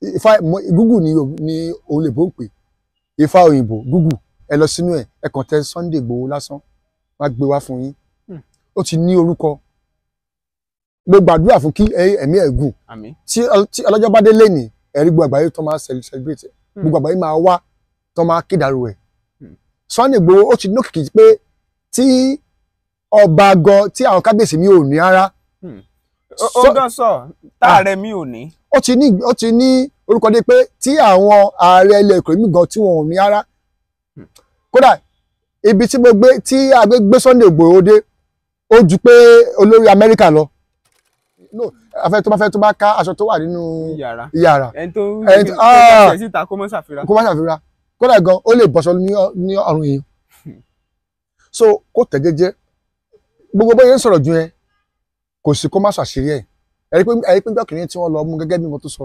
ifá google ni ni o lè bó ń pè ifá google ẹ lọ sínú ẹ ẹ kàn tẹ Sunday Igboho lásán wá gbé wá fún yín hmm. ó ti ní orúkọ mo gbàdúrà fún kí ẹ̀mí ẹ̀ gùn tí ọlọ́jọ́ bá leni. lẹ́nì ẹ̀rí gbogbo àgbáyé tó máa celebrate hmm. gbogbo àgbáyé máa wá tó máa kídàrú ẹ̀ hmm. Sunday Igboho ó ti nókìkì pé tí ọba gan tí àwọn kábíyèsí mi ò ní rárá ó gán sọ táàrẹ mi ò ní. ó ti ní ó ti ní orúkọ dé pé tí àwọn ààrẹ ilẹ̀ èkó mi gan tí wọn ò ní ara hmm. kódà ibi tí mo gbé tí agbé gbé Sunday Igboho dé ó ju pé olórí Amẹ́ríkà lọ no afẹ tó bá fẹ́ tó bá ká aṣọ tó wà nínú iyàrá ẹni tó ń gbé ah! síta kó má ṣàfihàn kó má ṣàfihàn kódà gan ó lè bọ́ṣọ ní ọrùn èèyàn hmm. so kó tẹ̀ jẹ́jẹ́ gbogbo bóyá ń sọ̀rọ̀ ju yẹn kò sí kó má ṣàṣírí ẹ̀ ẹ̀rí pé ẹ̀rí pé gbọ́kìnrin tí wọ́n lọ mú gẹ́gẹ́ bí mo tó sọ